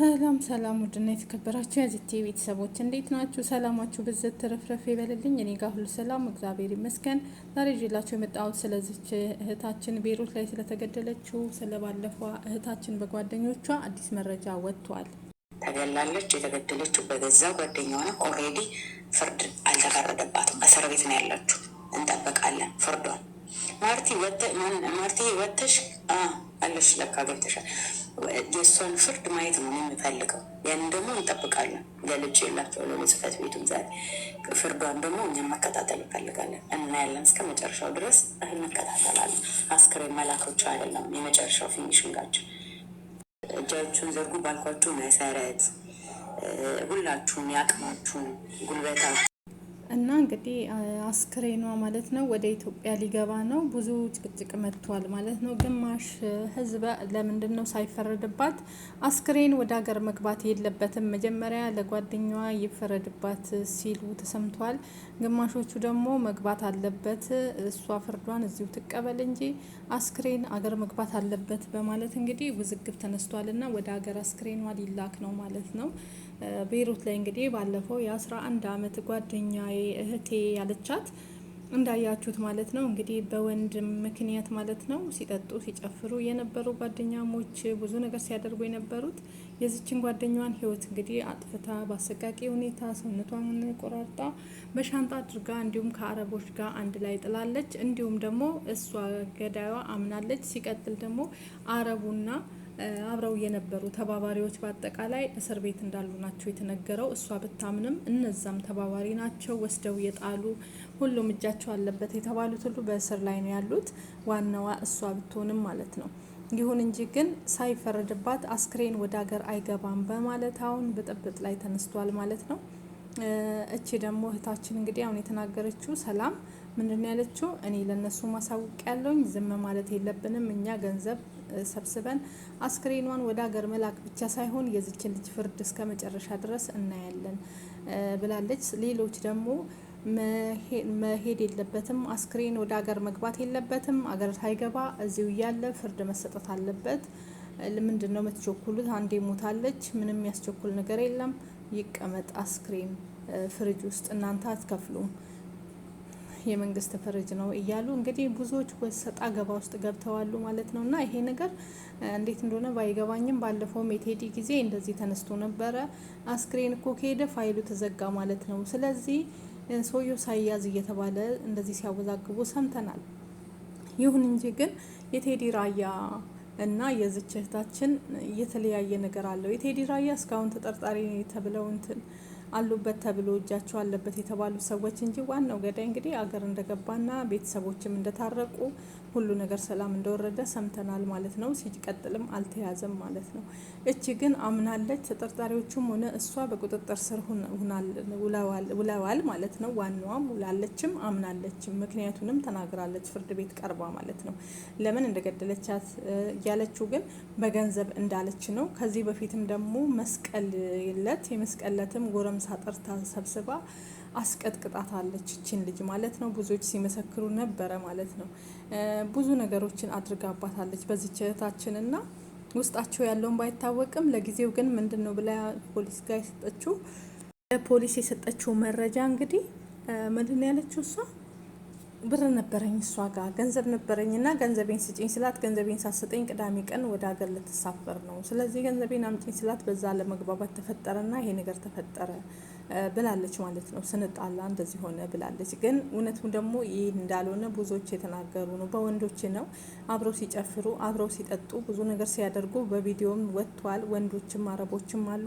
ሰላም ሰላም፣ ውድና የተከበራችሁ የዚቴ ቤተሰቦች እንዴት ናችሁ? ሰላማችሁ ብዝት ትርፍርፍ ይበልልኝ። እኔ ጋር ሁሉ ሰላም እግዚአብሔር ይመስገን። ዛሬ ይዤላችሁ የመጣሁት ስለዚች እህታችን ቤይሩት ላይ ስለተገደለችው ስለባለፏ እህታችን በጓደኞቿ አዲስ መረጃ ወጥቷል። ተገላለች። የተገደለችው በገዛ ጓደኛ ሆነ። ኦልሬዲ ፍርድ አልተፈረደባትም። እስር ቤት ነው ያለችው። እንጠበቃለን ፍርዷን። ማርቲ ማርቲ ወተሽ አለሽ ለካ ገብተሻል የእሷን ፍርድ ማየት ነው የምፈልገው። ያን ደግሞ እንጠብቃለን። ለልጅ የላቸው ለጽህፈት ቤቱም ዛሬ ፍርዷን ደግሞ እኛ መከታተል እንፈልጋለን። እናያለን። እስከ መጨረሻው ድረስ እንከታተላለን። አስክሬን መላኮቹ አይደለም የመጨረሻው ፊኒሽንጋቸው። እጃችሁን ዘርጉ ባልኳችሁ መሰረት ሁላችሁም ያቅማችሁን ጉልበታችሁ እና እንግዲህ አስክሬኗ ማለት ነው ወደ ኢትዮጵያ ሊገባ ነው። ብዙ ጭቅጭቅ መጥቷል ማለት ነው። ግማሽ ህዝብ ለምንድን ነው ሳይፈረድባት አስክሬን ወደ ሀገር መግባት የለበትም መጀመሪያ ለጓደኛዋ ይፈረድባት ሲሉ ተሰምቷል። ግማሾቹ ደግሞ መግባት አለበት እሷ ፍርዷን እዚሁ ትቀበል እንጂ አስክሬን አገር መግባት አለበት በማለት እንግዲህ ውዝግብ ተነስቷል እና ወደ ሀገር አስክሬኗ ሊላክ ነው ማለት ነው። ቤይሩት ላይ እንግዲህ ባለፈው የአስራ 11 አመት ጓደኛዬ እህቴ ያለቻት እንዳያችሁት ማለት ነው እንግዲህ በወንድ ምክንያት ማለት ነው ሲጠጡ ሲጨፍሩ የነበሩ ጓደኛሞች ብዙ ነገር ሲያደርጉ የነበሩት የዚችን ጓደኛዋን ህይወት እንግዲህ አጥፍታ በአሰቃቂ ሁኔታ ሰውነቷን ቆራርጣ በሻንጣ አድርጋ እንዲሁም ከአረቦች ጋር አንድ ላይ ጥላለች። እንዲሁም ደግሞ እሷ ገዳይዋ አምናለች። ሲቀጥል ደግሞ አረቡና አብረው የነበሩ ተባባሪዎች በአጠቃላይ እስር ቤት እንዳሉ ናቸው የተነገረው። እሷ ብታምንም እነዛም ተባባሪ ናቸው፣ ወስደው የጣሉ ሁሉም እጃቸው አለበት የተባሉት ሁሉ በእስር ላይ ነው ያሉት። ዋናዋ እሷ ብትሆንም ማለት ነው። ይሁን እንጂ ግን ሳይፈረድባት አስክሬን ወደ ሀገር አይገባም በማለት አሁን ብጥብጥ ላይ ተነስቷል ማለት ነው። እቺ ደግሞ እህታችን እንግዲህ አሁን የተናገረችው ሰላም ምንድን ያለችው እኔ ለነሱ ማሳወቅ ያለውኝ ዝም ማለት የለብንም እኛ ገንዘብ ሰብስበን አስክሬኗን ወደ ሀገር መላክ ብቻ ሳይሆን የዚችን ልጅ ፍርድ እስከ መጨረሻ ድረስ እናያለን ብላለች። ሌሎች ደግሞ መሄድ የለበትም። አስክሬን ወደ አገር መግባት የለበትም። አገር ሳይገባ እዚሁ እያለ ፍርድ መሰጠት አለበት። ምንድን ነው የምትቸኩሉት? አንዴ ሞታለች። ምንም የሚያስቸኩል ነገር የለም። ይቀመጥ አስክሬን ፍርጅ ውስጥ እናንተ አትከፍሉም፣ የመንግስት ፍርጅ ነው እያሉ እንግዲህ ብዙዎች ሰጣ ገባ ውስጥ ገብተዋሉ ማለት ነው። እና ይሄ ነገር እንዴት እንደሆነ ባይገባኝም ባለፈውም የቴዲ ጊዜ እንደዚህ ተነስቶ ነበረ። አስክሬን እኮ ከሄደ ፋይሉ ተዘጋ ማለት ነው። ስለዚህ ሰውየው ሳያዝ እየተባለ እንደዚህ ሲያወዛግቡ ሰምተናል። ይሁን እንጂ ግን የቴዲ ራያ እና የዝች እህታችን የተለያየ ነገር አለው። የቴዲ ራያ እስካሁን ተጠርጣሪ ተብለው እንትን አሉበት ተብሎ እጃቸው አለበት የተባሉ ሰዎች እንጂ ዋናው ገዳይ እንግዲህ አገር እንደገባና ቤተሰቦችም እንደታረቁ ሁሉ ነገር ሰላም እንደወረደ ሰምተናል ማለት ነው። ሲቀጥልም አልተያዘም ማለት ነው። እቺ ግን አምናለች። ተጠርጣሪዎቹም ሆነ እሷ በቁጥጥር ስር ውለዋል ማለት ነው። ዋናዋም ውላለችም አምናለችም፣ ምክንያቱንም ተናግራለች ፍርድ ቤት ቀርባ ማለት ነው። ለምን እንደገደለቻት ያለችው ግን በገንዘብ እንዳለች ነው። ከዚህ በፊትም ደግሞ መስቀል የለት የመስቀለትም ጎረም ሳጠር ጠርታ ሰብስባ አስቀጥቅጣት አለች እችን ልጅ ማለት ነው። ብዙዎች ሲመሰክሩ ነበረ ማለት ነው። ብዙ ነገሮችን አድርጋባታለች በዚች እህታችን እና ውስጣቸው ያለውን ባይታወቅም ለጊዜው ግን ምንድን ነው ብላ ፖሊስ ጋር የሰጠችው ለፖሊስ የሰጠችው መረጃ እንግዲህ ምንድን ያለችው እሷ ብር ነበረኝ እሷ ጋር ገንዘብ ነበረኝ እና ገንዘቤን ስጭኝ ስላት ገንዘቤን ሳሰጠኝ ቅዳሜ ቀን ወደ ሀገር ልትሳፈር ነው። ስለዚህ ገንዘቤን አምጭኝ ስላት በዛ ለመግባባት ና ይሄ ነገር ተፈጠረ ብላለች ማለት ነው። ስንጣላ እንደዚህ ሆነ ብላለች። ግን እውነቱ ደግሞ ይህ እንዳልሆነ ብዙዎች የተናገሩ ነው። በወንዶች ነው አብረው ሲጨፍሩ አብረው ሲጠጡ ብዙ ነገር ሲያደርጉ በቪዲዮም ወጥቷል። ወንዶችም አረቦችም አሉ።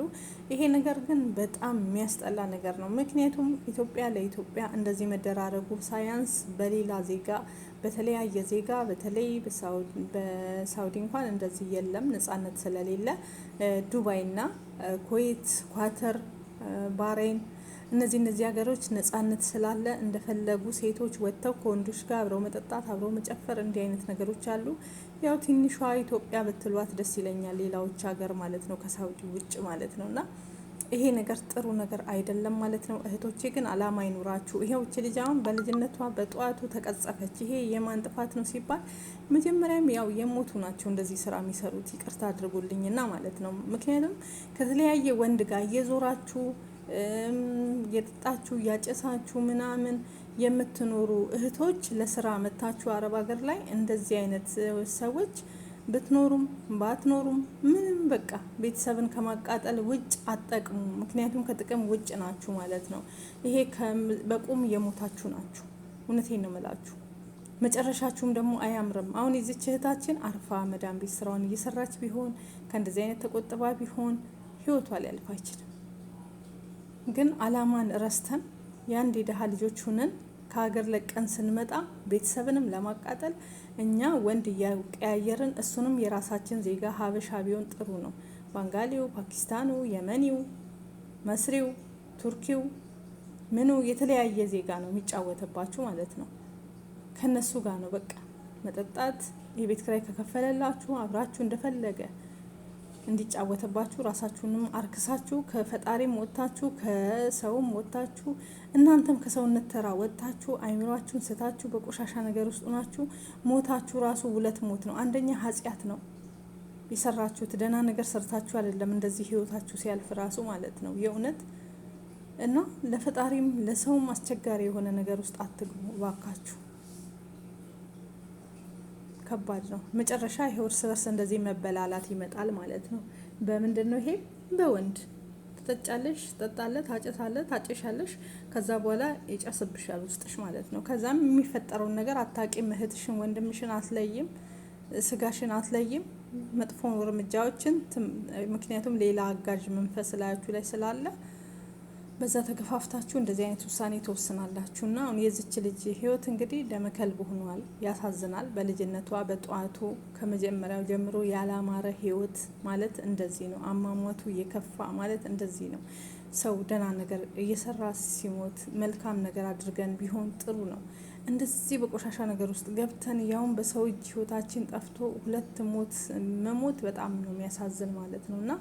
ይሄ ነገር ግን በጣም የሚያስጠላ ነገር ነው። ምክንያቱም ኢትዮጵያ ለኢትዮጵያ እንደዚህ መደራረጉ ሳያንስ በሌላ ዜጋ በተለያየ ዜጋ በተለይ በሳውዲ እንኳን እንደዚህ የለም ነጻነት ስለሌለ ዱባይና ኩዌት፣ ኳተር፣ ባሬን እነዚህ እነዚህ ሀገሮች ነጻነት ስላለ እንደፈለጉ ሴቶች ወጥተው ከወንዶች ጋር አብረው መጠጣት አብረው መጨፈር እንዲህ አይነት ነገሮች አሉ። ያው ትንሿ ኢትዮጵያ ብትሏት ደስ ይለኛል፣ ሌላዎች ሀገር ማለት ነው ከሳውዲ ውጭ ማለት ነው እና ይሄ ነገር ጥሩ ነገር አይደለም ማለት ነው። እህቶቼ ግን አላማ ይኑራችሁ። ይሄውች ልጅ አሁን በልጅነቷ በጠዋቱ ተቀጸፈች። ይሄ የማን ጥፋት ነው ሲባል መጀመሪያም ያው የሞቱ ናቸው እንደዚህ ስራ የሚሰሩት ይቅርታ አድርጉልኝና ማለት ነው። ምክንያቱም ከተለያየ ወንድ ጋር እየዞራችሁ የጠጣችሁ እያጨሳችሁ ምናምን የምትኖሩ እህቶች ለስራ መታችሁ አረብ ሀገር ላይ እንደዚህ አይነት ሰዎች ብትኖሩም ባትኖሩም ምንም በቃ ቤተሰብን ከማቃጠል ውጭ አጠቅሙ። ምክንያቱም ከጥቅም ውጭ ናችሁ ማለት ነው። ይሄ በቁም የሞታችሁ ናችሁ። እውነቴን ነው የምላችሁ። መጨረሻችሁም ደግሞ አያምርም። አሁን የዚች እህታችን አርፋ መዳን ቤት ስራውን እየሰራች ቢሆን ከእንደዚህ አይነት ተቆጥባ ቢሆን ህይወቷ ሊያልፍ አይችልም። ግን አላማን ረስተን የአንድ የደሃ ልጆች ሁነን ከሀገር ለቀን ስንመጣ ቤተሰብንም ለማቃጠል እኛ ወንድ እያቀያየርን እሱንም የራሳችን ዜጋ ሀበሻ ቢሆን ጥሩ ነው። ባንጋሊው፣ ፓኪስታኑ፣ የመኒው፣ መስሪው፣ ቱርኪው ምኑ የተለያየ ዜጋ ነው የሚጫወትባችሁ ማለት ነው። ከነሱ ጋር ነው በቃ መጠጣት፣ የቤት ክራይ ከከፈለላችሁ አብራችሁ እንደፈለገ እንዲጫወተባችሁ ራሳችሁንም አርክሳችሁ ከፈጣሪም ወጥታችሁ ከሰውም ወጥታችሁ እናንተም ከሰውነት ተራ ወጥታችሁ አይምሯችሁን ስታችሁ በቆሻሻ ነገር ውስጥ ሆናችሁ ሞታችሁ ራሱ ሁለት ሞት ነው። አንደኛ ኃጢአት ነው የሰራችሁት። ደህና ነገር ሰርታችሁ አይደለም እንደዚህ ህይወታችሁ ሲያልፍ ራሱ ማለት ነው የእውነት እና ለፈጣሪም ለሰውም አስቸጋሪ የሆነ ነገር ውስጥ አትግቡ ባካችሁ። ከባድ ነው። መጨረሻ ይሄ እርስ በርስ እንደዚህ መበላላት ይመጣል ማለት ነው። በምንድን ነው ይሄ? በወንድ ትጠጫለሽ፣ ትጠጣለህ፣ ታጨሳለህ፣ ታጨሻለሽ። ከዛ በኋላ ይጨስብሻል ውስጥሽ ማለት ነው። ከዛም የሚፈጠረውን ነገር አታቂም። እህትሽን ወንድምሽን አትለይም፣ ስጋሽን አትለይም። መጥፎ እርምጃዎችን ምክንያቱም ሌላ አጋዥ መንፈስ ላያችሁ ላይ ስላለ በዛ ተገፋፍታችሁ እንደዚህ አይነት ውሳኔ ተወስናላችሁ ና አሁን የዚች ልጅ ህይወት እንግዲህ ደመከልብ ሆኗል። ያሳዝናል። በልጅነቷ በጠዋቱ ከመጀመሪያው ጀምሮ ያላማረ ህይወት ማለት እንደዚህ ነው። አሟሟቱ የከፋ ማለት እንደዚህ ነው። ሰው ደህና ነገር እየሰራ ሲሞት መልካም ነገር አድርገን ቢሆን ጥሩ ነው። እንደዚህ በቆሻሻ ነገር ውስጥ ገብተን ያውም በሰው እጅ ህይወታችን ጠፍቶ ሁለት ሞት መሞት በጣም ነው የሚያሳዝን ማለት ነው እና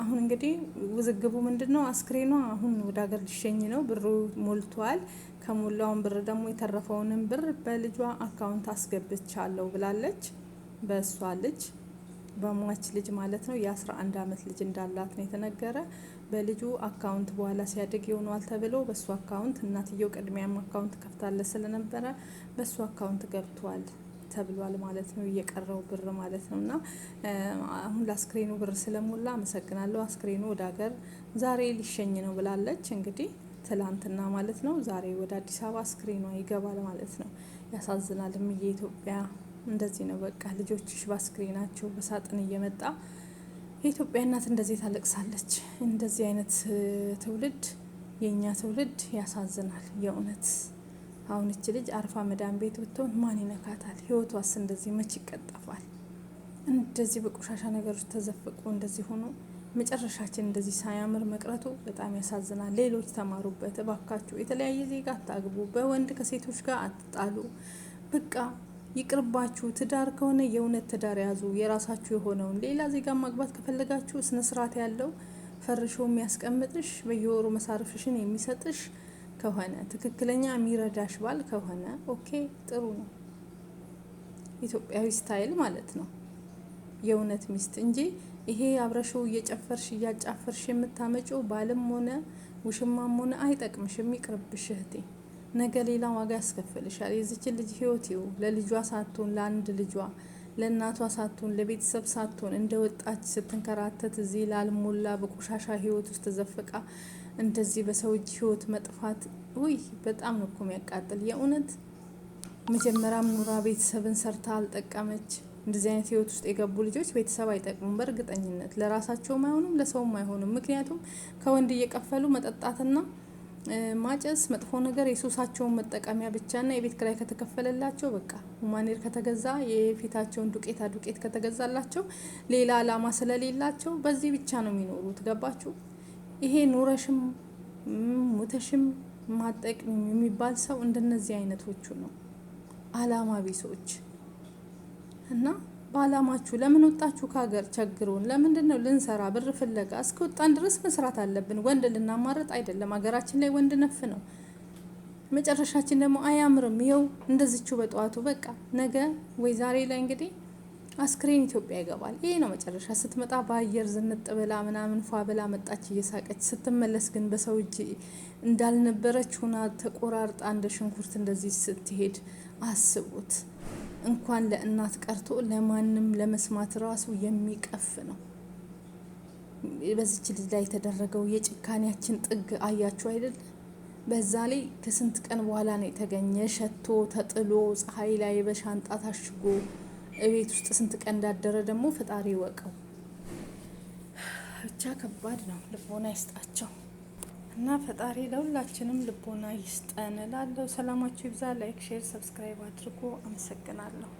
አሁን እንግዲህ ውዝግቡ ምንድን ነው? አስክሬኗ አሁን ወደ ሀገር ሊሸኝ ነው። ብሩ ሞልቷል። ከሞላውን ብር ደግሞ የተረፈውንም ብር በልጇ አካውንት አስገብቻለሁ ብላለች። በእሷ ልጅ በሟች ልጅ ማለት ነው። የ11 ዓመት ልጅ እንዳላት ነው የተነገረ። በልጁ አካውንት በኋላ ሲያድግ ይሆኗል ተብሎ በእሱ አካውንት እናትየው ቅድሚያም አካውንት ከፍታለች ስለነበረ በእሱ አካውንት ገብቷል። ተብሏል ማለት ነው። እየቀረው ብር ማለት ነው እና አሁን ለአስክሬኑ ብር ስለሞላ አመሰግናለሁ። አስክሬኑ ወደ ሀገር ዛሬ ሊሸኝ ነው ብላለች እንግዲህ ትላንትና ማለት ነው። ዛሬ ወደ አዲስ አበባ አስክሬኗ ይገባል ማለት ነው። ያሳዝናል። እምዬ ኢትዮጵያ እንደዚህ ነው በቃ ልጆችሽ በአስክሬናቸው በሳጥን እየመጣ የኢትዮጵያ እናት እንደዚህ ታለቅሳለች። እንደዚህ አይነት ትውልድ የእኛ ትውልድ ያሳዝናል የእውነት አሁን እች ልጅ አርፋ መዳን ቤት ብትሆን ማን ይነካታል? ህይወቷስ እንደዚህ መች ይቀጠፋል? እንደዚህ በቆሻሻ ነገሮች ተዘፍቁ እንደዚህ ሆኖ መጨረሻችን እንደዚህ ሳያምር መቅረቱ በጣም ያሳዝናል። ሌሎች ተማሩበት እባካችሁ። የተለያየ ዜጋ አታግቡ። በወንድ ከሴቶች ጋር አትጣሉ። በቃ ይቅርባችሁ። ትዳር ከሆነ የእውነት ትዳር ያዙ፣ የራሳችሁ የሆነውን። ሌላ ዜጋ ማግባት ከፈለጋችሁ ስነስርዓት ያለው ፈርሾ የሚያስቀምጥሽ በየወሩ መሳርፍሽን የሚሰጥሽ ከሆነ ትክክለኛ የሚረዳሽ ባል ከሆነ ኦኬ ጥሩ ነው። ኢትዮጵያዊ ስታይል ማለት ነው። የእውነት ሚስት እንጂ ይሄ አብረሽው እየጨፈርሽ እያጫፈርሽ የምታመጪው ባልም ሆነ ውሽማም ሆነ አይጠቅምሽም፣ ይቅርብሽ እህቴ። ነገ ሌላ ዋጋ ያስከፍልሻል። የዚችን ልጅ ህይወት ይው ለልጇ ሳትሆን ለአንድ ልጇ ለእናቷ ሳትሆን ለቤተሰብ ሳትሆን እንደ ወጣች ስትንከራተት እዚህ ላልሞላ በቆሻሻ ህይወት ውስጥ ተዘፍቃ እንደዚህ በሰው እጅ ህይወት መጥፋት ውይ በጣም ነው እኮ የሚያቃጥል። የእውነት መጀመሪያም ኑራ ቤተሰብን ሰርታ አልጠቀመች። እንደዚህ አይነት ህይወት ውስጥ የገቡ ልጆች ቤተሰብ አይጠቅሙም፣ በእርግጠኝነት ለራሳቸውም አይሆኑም፣ ለሰውም አይሆኑም። ምክንያቱም ከወንድ እየቀፈሉ መጠጣትና ማጨስ መጥፎ ነገር የሱሳቸውን መጠቀሚያ ብቻና የቤት ክራይ ከተከፈለላቸው በቃ ሁማኔር ከተገዛ የፊታቸውን ዱቄታ ዱቄት ከተገዛላቸው ሌላ አላማ ስለሌላቸው በዚህ ብቻ ነው የሚኖሩት። ገባችሁ? ይሄ ኑረሽም ሙተሽም ማጠቅም የሚባል ሰው እንደነዚህ አይነቶቹ ነው፣ አላማ ቢሶች እና በአላማችሁ ለምን ወጣችሁ ከሀገር? ቸግሮን ለምንድን ነው ልንሰራ ብር ፍለጋ እስከወጣን ድረስ መስራት አለብን። ወንድ ልናማረጥ አይደለም። ሀገራችን ላይ ወንድ ነፍ ነው። መጨረሻችን ደግሞ አያምርም። ይኸው እንደዚችው በጠዋቱ በቃ ነገ ወይ ዛሬ ላይ እንግዲህ አስክሬን ኢትዮጵያ ይገባል። ይሄ ነው መጨረሻ። ስትመጣ በአየር ዝንጥ ብላ ምናምን ፏ ብላ መጣች እየሳቀች። ስትመለስ ግን በሰው እጅ እንዳልነበረች ሁና ተቆራርጣ እንደ ሽንኩርት እንደዚህ ስትሄድ አስቡት። እንኳን ለእናት ቀርቶ ለማንም ለመስማት ራሱ የሚቀፍ ነው። በዚች ልጅ ላይ የተደረገው የጭካኔያችን ጥግ አያችሁ አይደል? በዛ ላይ ከስንት ቀን በኋላ ነው የተገኘ። ሸቶ ተጥሎ ፀሐይ ላይ በሻንጣ ታሽጎ እቤት ውስጥ ስንት ቀን እንዳደረ ደግሞ ፈጣሪ ወቀው። ብቻ ከባድ ነው። ልቦና ይስጣቸው። እና ፈጣሪ ለሁላችንም ልቦና ይስጠን እላለሁ። ሰላማችሁ ይብዛ። ላይክ፣ ሼር፣ ሰብስክራይብ አድርጎ አመሰግናለሁ።